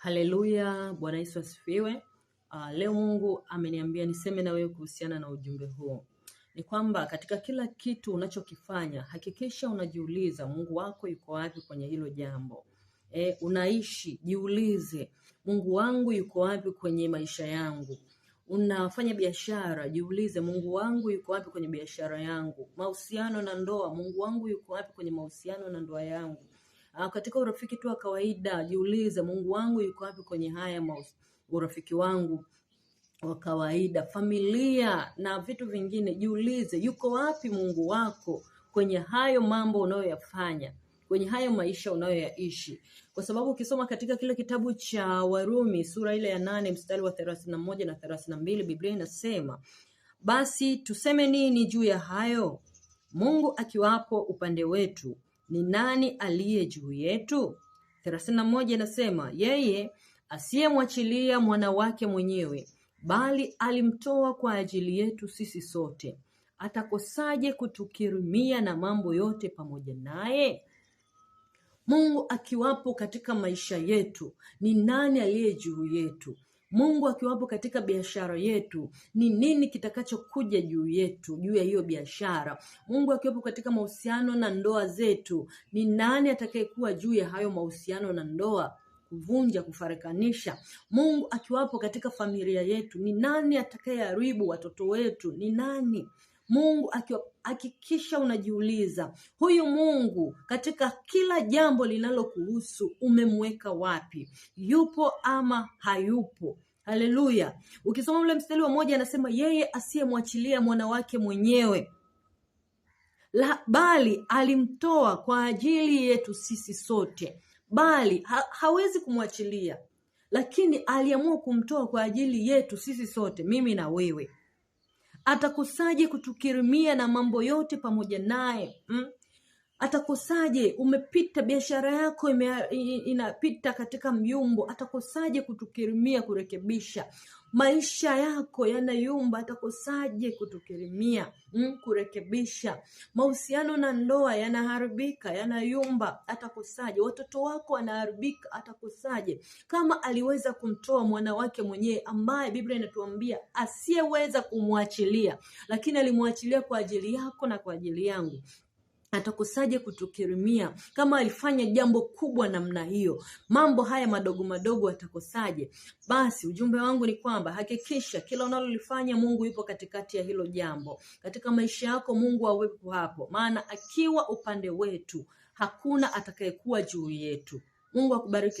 Haleluya, Bwana Yesu asifiwe. Uh, leo Mungu ameniambia niseme na wewe kuhusiana na ujumbe huo ni kwamba katika kila kitu unachokifanya hakikisha unajiuliza Mungu wako yuko wapi kwenye hilo jambo. E, unaishi jiulize, Mungu wangu yuko wapi kwenye maisha yangu? Unafanya biashara, jiulize, Mungu wangu yuko wapi kwenye biashara yangu? Mahusiano na ndoa, Mungu wangu yuko wapi kwenye mahusiano na ndoa yangu? Ah, katika urafiki tu wa kawaida, jiulize Mungu wangu yuko wapi kwenye haya maus, urafiki wangu wa kawaida, familia na vitu vingine. Jiulize, yuko wapi Mungu wako kwenye hayo mambo unayoyafanya kwenye hayo maisha unayoyaishi, kwa sababu ukisoma katika kile kitabu cha Warumi sura ile ya nane mstari wa thelathini na moja na thelathini na mbili Biblia inasema basi tuseme nini juu ya hayo? Mungu akiwapo upande wetu, ni nani aliye juu yetu? thelathini na moja inasema yeye asiyemwachilia mwana wake mwenyewe bali alimtoa kwa ajili yetu sisi sote, atakosaje kutukirimia na mambo yote pamoja naye? Mungu akiwapo katika maisha yetu, ni nani aliye juu yetu? Mungu akiwapo katika biashara yetu, ni nini kitakachokuja juu yetu, juu ya hiyo biashara? Mungu akiwapo katika mahusiano na ndoa zetu, ni nani atakayekuwa juu ya hayo mahusiano na ndoa kuvunja kufarikanisha. Mungu akiwapo katika familia yetu, ni nani atakayeharibu watoto wetu? Ni nani? Mungu hakikisha unajiuliza huyu Mungu katika kila jambo linalokuhusu umemweka wapi? Yupo ama hayupo? Haleluya! Ukisoma ule mstari wa moja anasema yeye asiyemwachilia mwana wake mwenyewe la, bali alimtoa kwa ajili yetu sisi sote. Bali ha, hawezi kumwachilia, lakini aliamua kumtoa kwa ajili yetu sisi sote, mimi na wewe atakosaje kutukirimia na mambo yote pamoja naye hmm? atakosaje umepita biashara yako ime, inapita katika myumbo atakosaje kutukirimia kurekebisha maisha yako yanayumba atakosaje kutukirimia mm, kurekebisha mahusiano na ndoa yanaharibika yanayumba atakosaje watoto wako wanaharibika atakosaje kama aliweza kumtoa mwanawake mwenyewe ambaye biblia inatuambia asiyeweza kumwachilia lakini alimwachilia kwa ajili yako na kwa ajili yangu atakusaje kutukirimia kama alifanya jambo kubwa namna hiyo? Mambo haya madogo madogo atakosaje? Basi ujumbe wangu ni kwamba hakikisha kila unalolifanya Mungu yupo katikati ya hilo jambo. Katika maisha yako Mungu awepo hapo, maana akiwa upande wetu hakuna atakayekuwa juu yetu. Mungu akubariki.